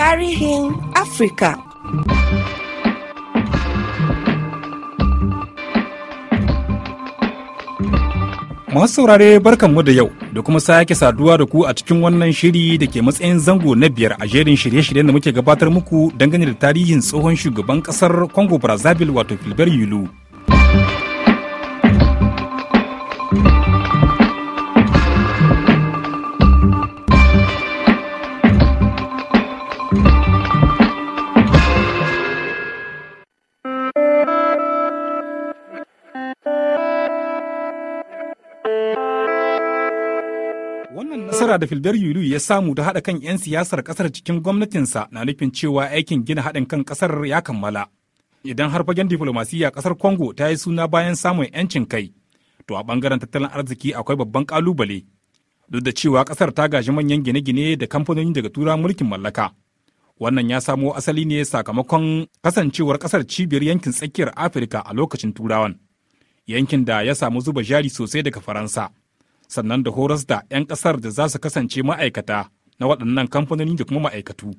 Tarihin Afrika Masu saurare barkanmu da yau da kuma sake saduwa da ku a cikin wannan shiri da ke matsayin zango na biyar a jerin shirye-shiryen da muke gabatar muku dangane da tarihin tsohon shugaban kasar Congo Brazzaville wato Filbar Yulu. nasara da filbert yulu ya samu ta haɗa kan 'yan siyasar ƙasar cikin gwamnatinsa na nufin cewa aikin gina haɗin kan ƙasar ya kammala idan har fagen diflomasiyya ƙasar congo ta yi suna bayan samun 'yancin kai to a ɓangaren tattalin arziki akwai babban ƙalubale duk da cewa ƙasar ta gaji manyan gine-gine da kamfanoni daga tura mulkin mallaka wannan ya samo asali ne sakamakon kasancewar ƙasar cibiyar yankin tsakiyar afirka a lokacin turawan yankin da ya samu zuba jari sosai daga faransa sannan da horas da 'yan kasar da za su kasance ma'aikata na waɗannan kamfanoni da kuma ma'aikatu.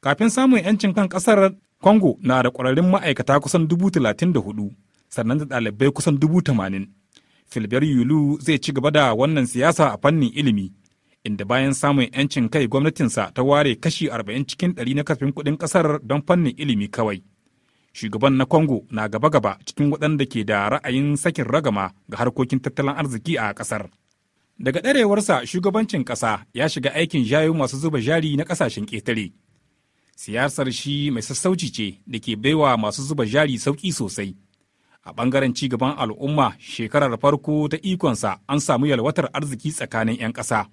Kafin samun 'yancin kan ƙasar Congo na da ƙwararrun ma'aikata kusan dubu talatin da hudu sannan da ɗalibai kusan dubu tamanin. Filibiyar Yulu zai ci gaba da wannan siyasa a fannin ilimi, inda bayan samun 'yancin kai gwamnatinsa ta ware kashi arba'in cikin ɗari na kafin kuɗin ƙasar don fannin ilimi kawai. Shugaban na Congo na gaba-gaba cikin waɗanda ke da ra'ayin sakin ragama ga harkokin tattalin arziki a ƙasar. Daga ɗarewarsa shugabancin ƙasa ya shiga aikin jayo masu zuba jari na ƙasashen ƙetare. Siyasar shi mai sassauci ce da ke baiwa masu zuba jari sauƙi sosai. A ɓangaren cigaban al'umma shekarar farko ta ikonsa an samu yalwatar arziki tsakanin 'yan ƙasa.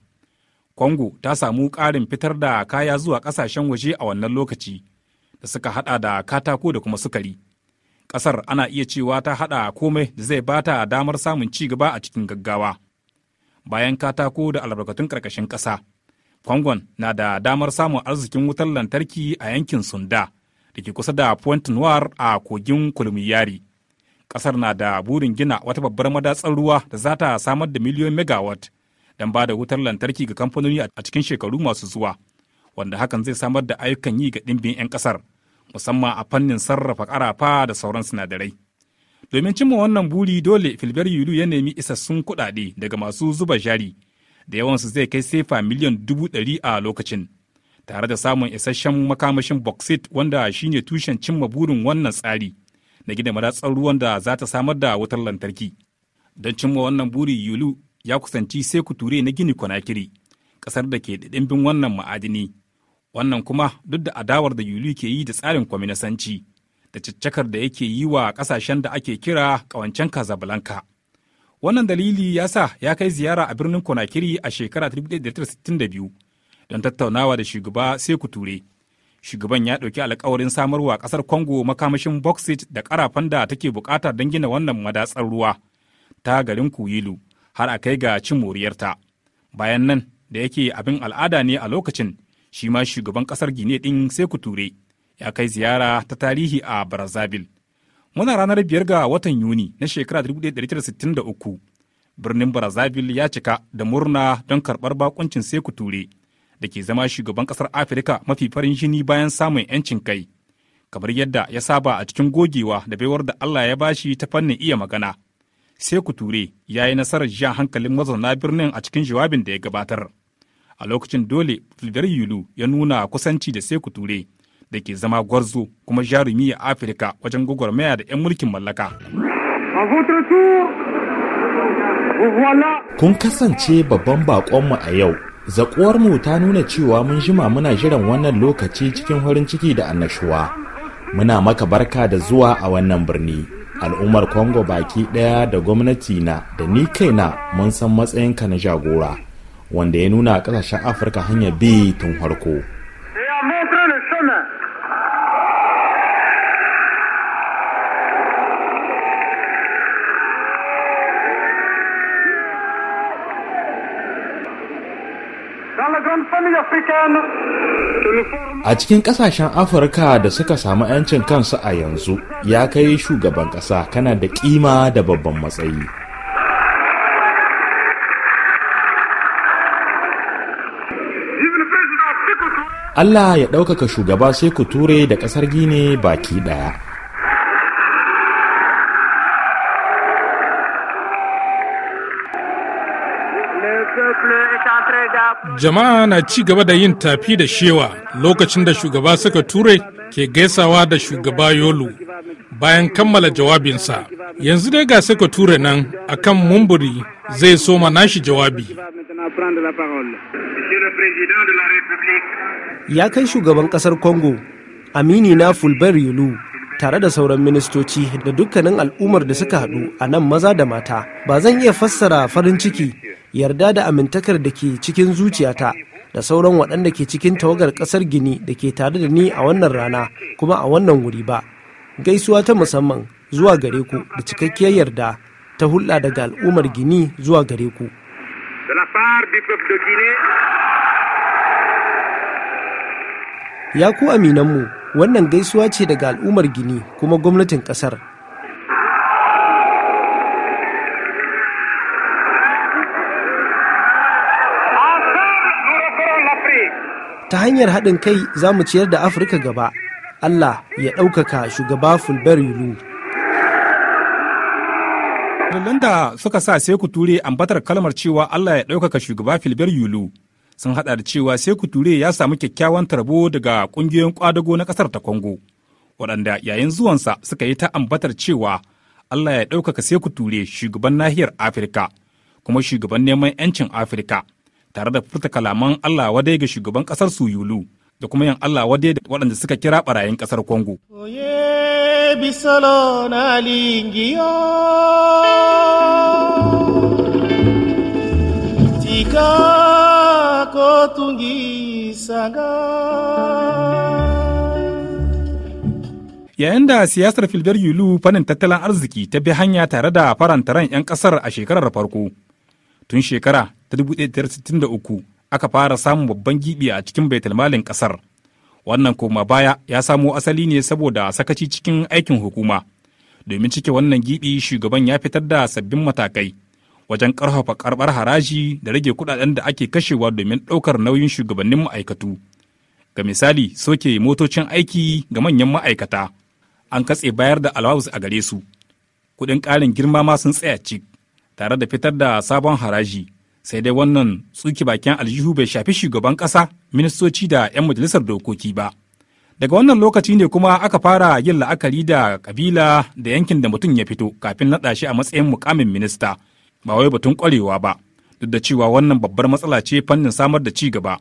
Kongo ta samu ƙarin fitar da kaya zuwa ƙasashen waje a wannan lokaci da suka haɗa da katako da kuma sukari. Ƙasar ana iya cewa ta haɗa komai da zai bata damar samun ci gaba a cikin gaggawa. bayan katako da albarkatun ƙarƙashin ƙasa. Kwangon na da damar samun arzikin wutar lantarki a yankin Sunda da ke kusa da Point Noir a kogin Kulmiyari. Ƙasar na da burin gina wata babbar madatsar ruwa da za ta samar da miliyoyin megawatt don ba da wutar lantarki ga kamfanoni a cikin shekaru masu zuwa, wanda hakan zai samar da ayyukan yi ga ɗimbin 'yan ƙasar, musamman a fannin sarrafa ƙarafa da sauran sinadarai. domin cimma wannan buri dole filbar yulu ya nemi isassun kuɗaɗe daga masu zuba jari da yawansu zai kai sefa miliyan dubu ɗari a lokacin tare da samun isasshen makamashin bauxite wanda shine tushen cimma burin wannan tsari na gina madatsar ruwan da za ta samar da wutar lantarki don cimma wannan buri yulu ya kusanci sai ture na gini konakiri ƙasar da ke da wannan ma'adini wannan kuma duk da adawar da yulu ke yi da tsarin kwaminisanci da ciccakar da yake yi wa kasashen da ake kira ƙawancen Casablanca. Wannan dalili ya sa ya kai ziyara a birnin Conakry a shekara 1962 don tattaunawa da shugaba Sekou ture Shugaban ya ɗauki alkawarin samarwa ƙasar Congo makamashin bauxite da ƙarafan da take bukata don gina wannan madatsar ruwa ta garin Kuyilu har a kai ga cin moriyarta. Bayan nan da yake abin al'ada ne a lokacin shi ma shugaban ƙasar Gine ɗin ku ture. ya kai ziyara ta tarihi a brazzaville muna ranar biyar ga watan yuni na shekara 1963 birnin brazzaville ya cika da murna don karɓar bakuncin seku ture da ke zama shugaban ƙasar afirka mafi farin jini bayan samun 'yancin kai kamar yadda ya saba a cikin gogewa da baiwar da allah ya bashi ta fannin iya magana seku ture ya yi nasarar jan hankalin mazauna birnin a cikin jawabin da ya gabatar a lokacin dole fulbert yulu ya nuna kusanci da seku ture da ke zama gwarzo kuma jarumi a Afirka wajen gwagwarmaya da 'yan mulkin mallaka. Kun kasance babban baƙonmu a yau. mu ta nuna cewa mun jima muna jiran wannan lokaci cikin farin ciki da annashuwa. Muna maka barka da zuwa a wannan birni. Al'ummar Kongo baki ɗaya da gwamnati na da ni kaina mun san matsayinka na jagora, wanda ya nuna a ƙasashen Afirka hanyar bi tun farko. A cikin kasashen Afirka da suka samu 'yancin kansu a yanzu ya kai shugaban ƙasa kana da kima da babban matsayi. Allah ya ɗaukaka shugaba sai ku ture da ƙasar Gine baki ɗaya. Jama'a na ci gaba da yin tafi da shewa lokacin da shugaba suka ture ke gaisawa da shugaba Yolu bayan kammala jawabinsa. Yanzu dai ga suka ture nan akan mumburi zai soma nashi jawabi. Ya kai shugaban kasar Congo, Amini na Fulbar Yolu. tare da sauran ministoci da dukkanin al'ummar da suka haɗu a nan maza da mata ba zan iya fassara farin ciki yarda da amintakar da ke cikin zuciyata da sauran waɗanda ke cikin tawagar ƙasar gini da ke tare da ni a wannan rana kuma a wannan wuri ba gaisuwa ta musamman zuwa gare ku da cikakkiyar yarda ta hulɗa daga al'ummar gini zuwa gare ku ya ku aminanmu wannan gaisuwa ce daga al'ummar gini kuma gwamnatin ƙasar ta hanyar haɗin kai za mu ciyar da afirka gaba allah ya ɗaukaka shugaba fulbar yulu dalilan da suka sa sai ku ture ambatar kalmar cewa allah ya ɗaukaka shugaba fulbar yulu sun haɗa da cewa sai ku ture ya samu kyakkyawan tarbo daga ƙungiyoyin ƙwadago na ƙasar ta kongo waɗanda yayin zuwansa suka yi ta ambatar cewa allah ya ɗaukaka sai ku ture shugaban nahiyar afirka kuma shugaban neman 'yancin afirka tare da furta kalaman Allah wadai ga shugaban ƙasar yulu da kuma yin Allah wadai da waɗanda suka kira ɓarayin ƙasar Kongo. Yayin da siyasar Filbar Yulu fannin tattalin arziki ta bi hanya tare da faranta ran 'yan ƙasar a shekarar farko, tun shekara ta 1963 aka fara samun babban gibi a cikin baitulmalin kasar wannan koma baya ya samo asali ne saboda sakaci cikin aikin hukuma domin cike wannan gibi shugaban ya fitar da sabbin matakai wajen karfafa karbar haraji da rage kudaden da ake kashewa domin ɗaukar nauyin shugabannin ma'aikatu ga misali soke motocin aiki ga manyan ma'aikata an katse bayar da alawus a gare su kuɗin ƙarin girma ma sun tsaya cik tare da fitar da sabon haraji sai dai wannan tsuki bakin aljihu bai shafi shugaban kasa ministoci da 'yan majalisar dokoki ba daga wannan lokaci ne kuma aka fara yin la'akari da kabila da yankin da mutum ya fito kafin naɗa shi a matsayin mukamin minista ba wai batun ƙwarewa ba duk da cewa wannan babbar matsala ce fannin samar da ci gaba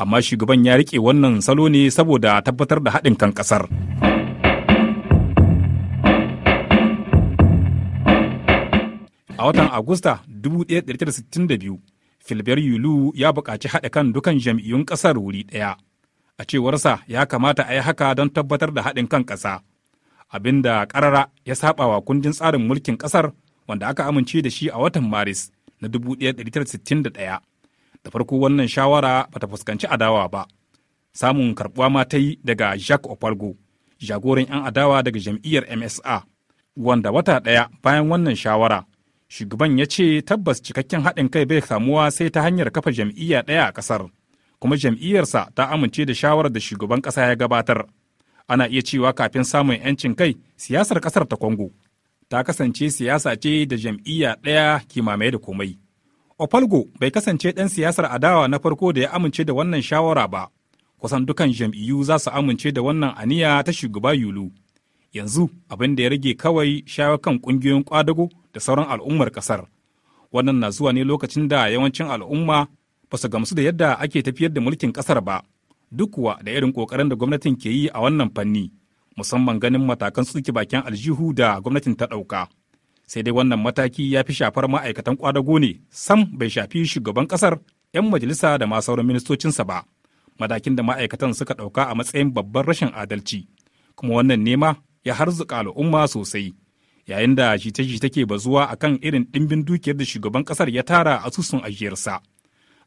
amma shugaban ya rike wannan salo ne saboda tabbatar da haɗin kan ƙasar. A watan Agusta 1962, Filibert Yulu ya buƙaci haɗa kan dukan jam'iyyun ƙasar wuri ɗaya. A cewarsa ya kamata a yi haka don tabbatar da haɗin kan ƙasa. Abin da ƙarara ya wa kundin tsarin mulkin ƙasar wanda aka amince da shi a watan Maris na 1961. Da farko wannan shawara bata fuskanci adawa ba. Samun karɓuwa ma ta yi daga Jacques Opalgo, jagoran 'yan adawa daga jam'iyyar MSA, wanda wata ɗaya bayan wannan shawara shugaban ya ce tabbas cikakken haɗin kai bai samuwa sai ta hanyar kafa jam'iyya ɗaya a ƙasar kuma jam'iyyarsa ta amince da shawarar da shugaban ƙasa ya gabatar ana iya cewa kafin samun 'yancin kai siyasar ƙasar ta kongo ta kasance siyasa ce da jam'iyya ɗaya kimamai da komai opalgo bai kasance ɗan siyasar adawa na farko da ya amince da wannan shawara ba kusan dukan jam'iyyu za su amince da wannan aniya ta shugaba yulu yanzu abin da ya rage kawai shawo kan ƙungiyoyin ƙwadago da sauran al'ummar ƙasar wannan na zuwa ne lokacin da yawancin al'umma ba su gamsu da yadda ake tafiyar da mulkin ƙasar ba duk kuwa da irin ƙoƙarin da gwamnatin ke yi a wannan fanni musamman ganin matakan tsuke bakin aljihu da gwamnatin ta ɗauka sai dai wannan mataki ya fi shafar ma'aikatan ƙwadago ne sam bai shafi shugaban ƙasar 'yan majalisa da ma sauran ministocinsa ba matakin da ma'aikatan suka ɗauka a matsayin babban rashin adalci kuma wannan nema ya harzuka al'umma sosai yayin da jita-jita ke a kan irin ɗimbin dukiyar da shugaban ƙasar ya tara a asusun ajiyarsa.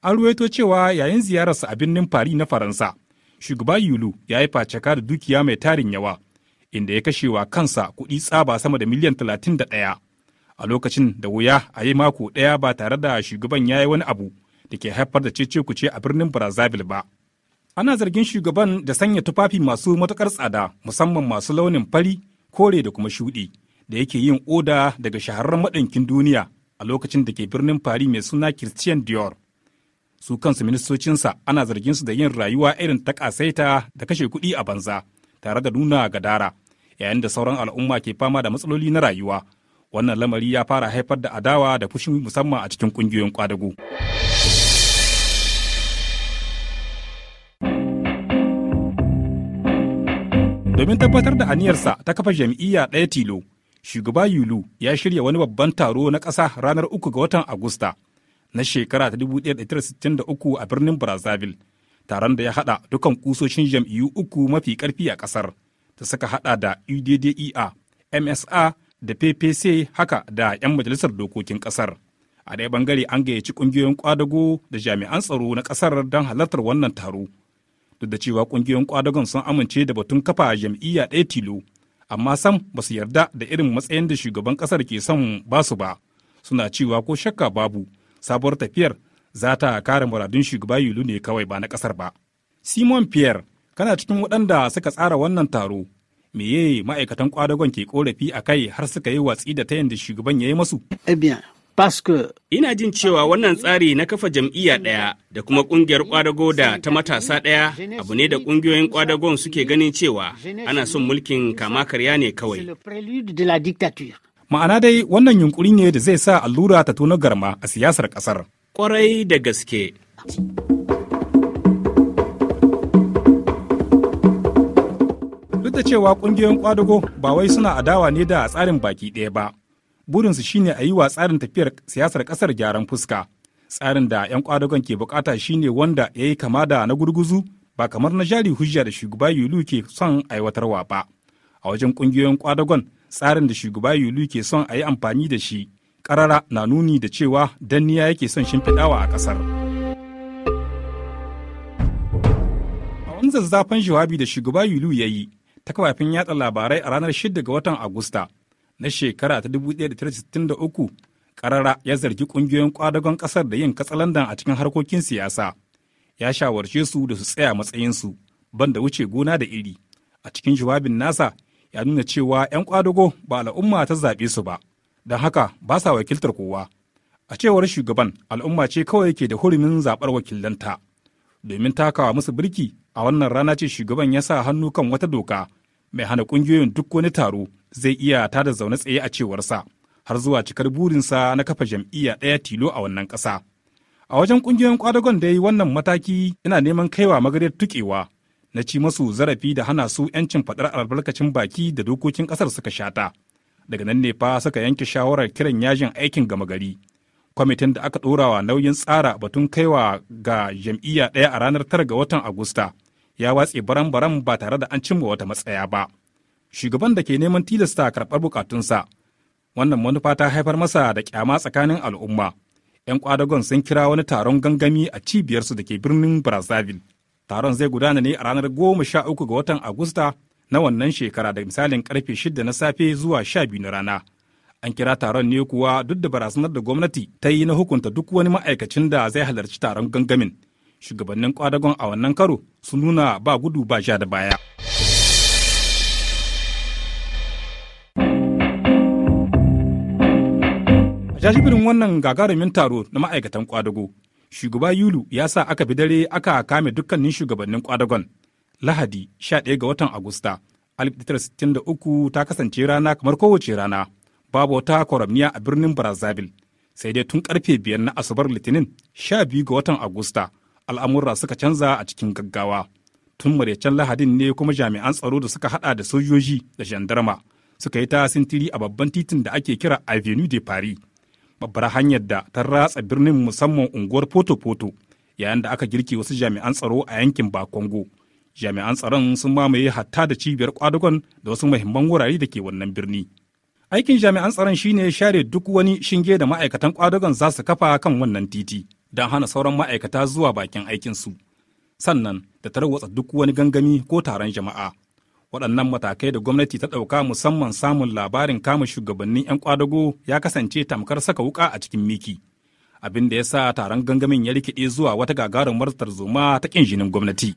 An ruwaito cewa yayin ziyararsa a birnin Paris na Faransa, shugaba Yulu ya yi facaka da dukiya mai tarin yawa, inda ya kashe wa kansa kuɗi tsaba sama da miliyan talatin da ɗaya. A lokacin da wuya a yi mako ɗaya ba tare da shugaban ya yi wani abu da ke haifar da cece kuce a birnin Brazzaville ba. Ana zargin shugaban da sanya tufafi masu matuƙar tsada musamman masu launin fari, kore da kuma shuɗi da yake yin oda daga shahararren maɗinkin duniya a lokacin da ke birnin fari mai suna Christian Dior. Su kansu ministocinsa ana zargin su da yin rayuwa irin ta ƙasaita da kashe kuɗi a banza tare da nuna gadara yayin da sauran al'umma ke fama da matsaloli na rayuwa. Wannan lamari ya fara haifar da adawa da fushi musamman a cikin ƙungiyoyin ƙwadago. domin tabbatar da aniyarsa ta kafa jam'iyya ɗaya tilo shugaba yulu ya shirya wani babban taro na ƙasa ranar uku ga watan agusta na shekara ta 1963 a birnin brazzaville taron da ya haɗa dukan kusoshin jam'iyyu uku mafi ƙarfi a ƙasar ta saka haɗa da uddea msa da ppc haka da 'yan majalisar dokokin ƙasar a ɗaya bangare an gayyaci ƙungiyoyin ƙwadago da jami'an tsaro na ƙasar don halartar wannan taro duk da cewa kungiyoyin kwadagon sun amince da batun kafa jam'iyya ɗaya tilo amma sam ba su yarda da irin matsayin da shugaban ƙasar ke son ba su ba suna cewa ko shakka babu sabuwar tafiyar za ta kare muradun shugaba yulu ne kawai ba na ƙasar ba simon pierre kana cikin waɗanda suka tsara wannan taro meye ma'aikatan kwadagon ke korafi a kai har suka yi watsi da tayin da shugaban ya yi masu? Eh Ina jin cewa wannan tsari na kafa jam'iyya ɗaya da kuma ƙungiyar ƙwadago da ta matasa ɗaya abu ne da ƙungiyoyin ƙwadagon suke ganin cewa ana son mulkin kama karya ne kawai. Ma'ana dai wannan yunkuri ne da zai sa allura ta tona garma a siyasar ƙasar. Ƙwarai da gaske. Duk da cewa ƙungiyoyin ƙwadago ba wai suna adawa ne da tsarin baki ɗaya ba, burinsu shine a yi wa tsarin tafiyar siyasar kasar gyaran fuska tsarin da 'yan kwadagon ke bukata shine wanda ya yi kama da na gurguzu ba kamar na jari hujja da shugaba yulu ke son aiwatarwa ba a wajen kungiyoyin kwadagon tsarin da shugaba yulu ke son a yi amfani da shi karara na nuni da cewa danniya yake son shimfiɗawa a kasar. a wani zazzafan jawabi da shugaba yulu ya yi ta kafafen yatsa labarai a ranar 6 ga watan agusta na shekara ta 1963 karara ya zargi kungiyoyin kwadagon kasar da yin katsalandan a cikin harkokin siyasa ya shawarce su da su tsaya matsayinsu banda wuce gona da iri a cikin jawabin nasa ya nuna cewa 'yan kwadago ba al'umma ta zaɓe su ba don haka ba sa wakiltar kowa a cewar shugaban al'umma ce kawai yake da hurumin zaɓar wakilanta domin takawa musu birki a wannan rana ce shugaban ya sa hannu kan wata doka mai hana ƙungiyoyin duk wani taro zai iya tada zaune tsaye a cewarsa har zuwa cikar burinsa na kafa jam'iyya ɗaya tilo a wannan ƙasa. A wajen ƙungiyoyin kwadagon da ya wannan mataki yana neman kaiwa magariyar tuƙewa na ci masu zarafi da hana su 'yancin faɗar albarkacin baki da dokokin ƙasar suka shata. Daga nan ne fa suka yanke shawarar kiran yajin aikin gama gari. Kwamitin da aka ɗorawa nauyin tsara batun kaiwa ga jam'iyya ɗaya a ranar 9 ga watan Agusta ya watse baran-baran ba tare da an cimma wata matsaya ba. shugaban da ke neman tilasta karɓar bukatunsa wannan manufa ta haifar masa da kyama tsakanin al'umma 'yan kwadagon sun kira wani taron gangami a cibiyarsu da ke birnin brazzaville taron zai gudana ne a ranar goma sha uku ga watan agusta na wannan shekara da misalin karfe shida na safe zuwa sha biyu na rana an kira taron ne kuwa duk da barazanar da gwamnati ta yi na hukunta duk wani ma'aikacin da zai halarci taron gangamin shugabannin kwadagon a wannan karo su nuna ba gudu ba sha da baya. jajibirin wannan gagarumin taro na ma'aikatan kwadago shugaba yulu ya sa aka fi dare aka kame dukkanin shugabannin kwadagon lahadi 11 ga watan agusta 1963 ta kasance rana kamar kowace rana babu wata kwaramniya a birnin brazzaville sai dai tun karfe biyar na asabar litinin 12 ga watan agusta al'amurra suka canza a cikin gaggawa tun maraicen lahadin ne kuma jami'an tsaro da suka hada da sojoji da jandarma suka yi ta sintiri a babban titin da ake kira avenue de paris babbar hanyar da ta ratsa birnin musamman unguwar foto-foto yayin da aka girke wasu jami'an tsaro a yankin bakongo jami'an tsaron sun mamaye hatta da cibiyar kwadugon da wasu mahimman wurare da ke wannan birni aikin jami'an tsaron shine share duk wani shinge da ma'aikatan kwadugon za su kafa kan wannan titi don hana sauran ma'aikata zuwa bakin aikinsu sannan da tarwatsa duk wani gangami ko taron jama'a waɗannan matakai da gwamnati ta ɗauka musamman samun labarin kama shugabannin 'yan kwadago ya kasance tamkar saka wuka a cikin miki abin da ya sa taron gangamin ya rikide zuwa wata gagarumar tarzoma ta ƙin jinin gwamnati.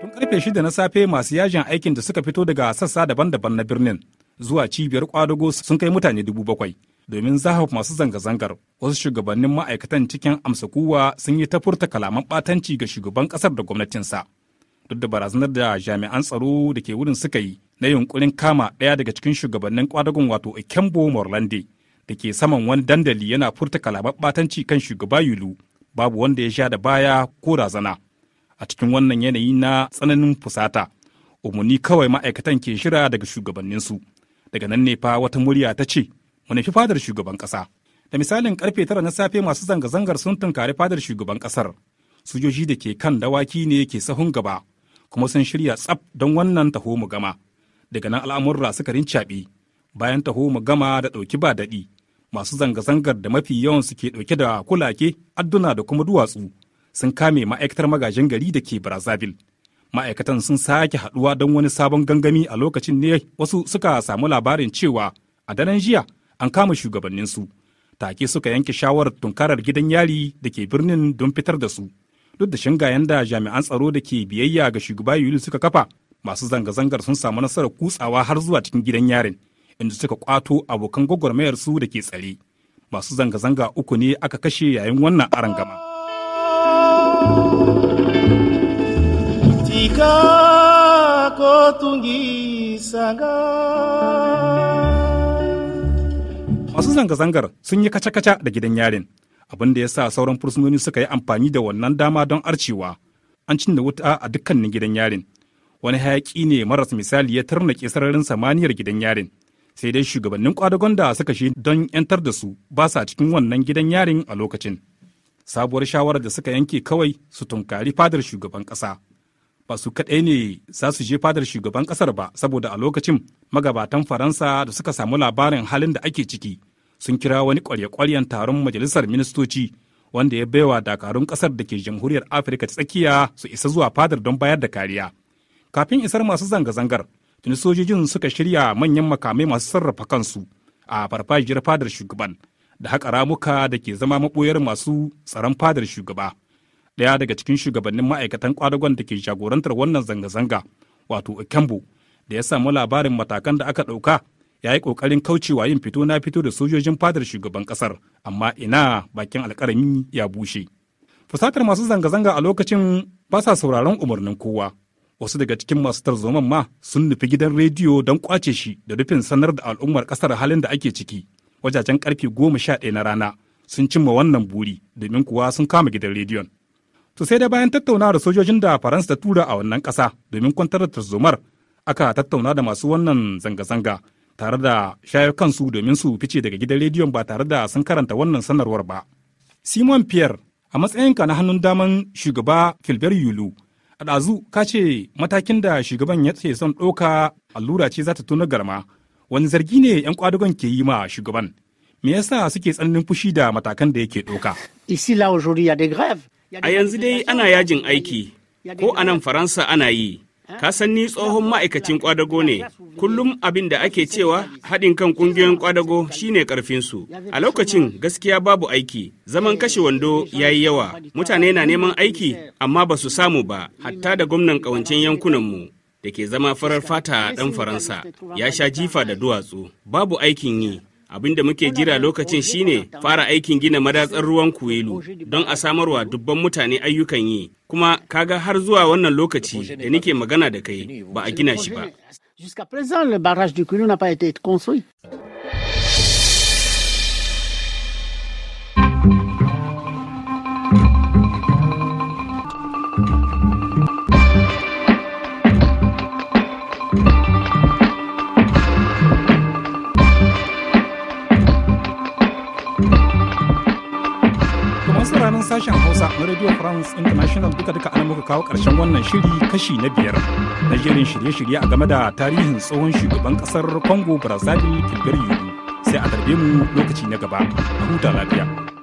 tun karfe shida na safe masu yajin aikin da suka fito daga sassa daban-daban na birnin zuwa cibiyar kwadago sun kai mutane dubu bakwai domin zahaf masu zanga-zangar wasu shugabannin ma'aikatan cikin amsa kuwa sun yi ta furta kalaman batanci ga shugaban ƙasar da gwamnatinsa duk da barazanar da jami'an tsaro da ke wurin suka yi na yunkurin kama ɗaya daga cikin shugabannin kwadagon wato ikembo morlande da ke saman wani dandali yana furta kalaman batanci kan shugaba yulu babu wanda ya sha da baya ko razana a cikin wannan yanayi na tsananin fusata umarni kawai ma'aikatan ke shira daga shugabanninsu daga nan ne fa wata murya ta ce mu fi fadar shugaban ƙasa. Da misalin karfe tara na safe masu zanga-zangar sun tunkari fadar shugaban ƙasar. Sojoji da ke kan dawaki ne ke sahun gaba, kuma sun shirya tsaf don wannan taho mu gama. Daga nan al'amurra suka rincaɓe, bayan taho mu gama da ɗauki ba daɗi. Masu zanga-zangar da mafi yawan su ke ɗauke da kulake, adduna da kuma duwatsu sun kame ma'aikatar magajin gari da ke Brazzaville. ma'aikatan sun sake haɗuwa don wani sabon gangami a lokacin ne wasu suka samu labarin cewa a daren jiya an kama shugabannin su take suka yanke shawarar tunkarar gidan yari da ke birnin don fitar da su duk da shinga yanda jami'an tsaro da ke biyayya ga shugaba yuli suka kafa masu zanga-zangar sun samu nasarar kutsawa har zuwa cikin gidan yarin inda suka kwato abokan gwagwarmayar su da ke tsare masu zanga-zanga uku ne aka kashe yayin wannan arangama Tika ko tungi sanga masu zanga-zangar sun yi kaca-kaca da gidan yarin abin da ya sa sauran fursunoni suka yi amfani da wannan dama don arcewa an cinna wuta a dukkanin gidan yarin wani hayaƙi ne maras misali ya tarnake sararin samaniyar gidan yarin sai dai shugabannin kwadagon da suka shi don 'yantar da su ba sa cikin wannan gidan yarin a lokacin sabuwar shawarar da suka yanke kawai su tunkari fadar shugaban ƙasa ba su kaɗai ne za su je fadar shugaban ƙasar ba saboda a lokacin magabatan faransa da suka samu labarin halin da ake ciki sun kira wani kwarye-kwaryen taron majalisar ministoci wanda ya baiwa dakarun kasar da ke jamhuriyar afirka ta tsakiya su isa zuwa fadar don bayar da kariya kafin isar masu zanga-zangar tuni sojojin suka shirya manyan makamai masu sarrafa kansu a farfajiyar fadar shugaban da haka ramuka da ke zama maɓoyar masu tsaron fadar shugaba ɗaya daga cikin shugabannin ma'aikatan kwadagon da ke jagorantar wannan zanga-zanga wato okembo da ya samu labarin matakan da aka ɗauka ya yi ƙoƙarin kaucewa yin fito na fito da sojojin fadar shugaban ƙasar amma ina bakin alƙarami ya bushe fusatar masu zanga-zanga a lokacin ba sa sauraron umarnin kowa wasu daga cikin masu tarzoman ma sun nufi gidan rediyo don kwace shi da rufin sanar da al'ummar ƙasar halin da ake ciki wajajen karfe goma sha ɗaya na rana sun cimma wannan buri domin kuwa sun kama gidan rediyon to sai da bayan tattaunawa da sojojin da faransa ta tura a wannan ƙasa domin kwantar da tarzomar aka tattauna da masu wannan zanga-zanga tare da shayar kansu domin su fice daga gidan rediyon ba tare da sun karanta wannan sanarwar ba. Simon Pierre, a matsayinka na hannun daman shugaba Filber Yulu, a ɗazu ka ce matakin da shugaban ya ce son ɗauka allura ce za ta tuna garma, wani zargi ne 'yan kwadugon ke yi ma shugaban. Me yasa suke tsananin fushi da matakan da yake ɗauka? A yanzu dai ana yajin aiki, ko a nan Faransa ana yi. Ka san ni tsohon ma'aikacin kwadago ne, kullum abin da ake cewa haɗin kan ƙungiyoyin kwadago shine ƙarfinsu. A lokacin gaskiya babu aiki, zaman kashe wando ya yi yawa, mutane na neman aiki amma ba su samu ba, hatta da gwamnan ƙawancen yankunanmu. da ke zama farar fata ɗan Faransa ya sha jifa da duwatsu, babu aikin yi, abin da muke jira lokacin shine fara aikin gina madatsar ruwan kuwelu don a samarwa dubban mutane ayyukan yi kuma kaga har zuwa wannan lokaci da nike magana da kai ba a gina shi ba. sashen Hausa na Radio France International duka duka ana muka kawo ƙarshen wannan shiri kashi na biyar na jerin shirye-shirye a game da tarihin tsohon shugaban ƙasar Congo Brazzaville Gilbert Yulu sai a tarbe mu lokaci na gaba a huta lafiya.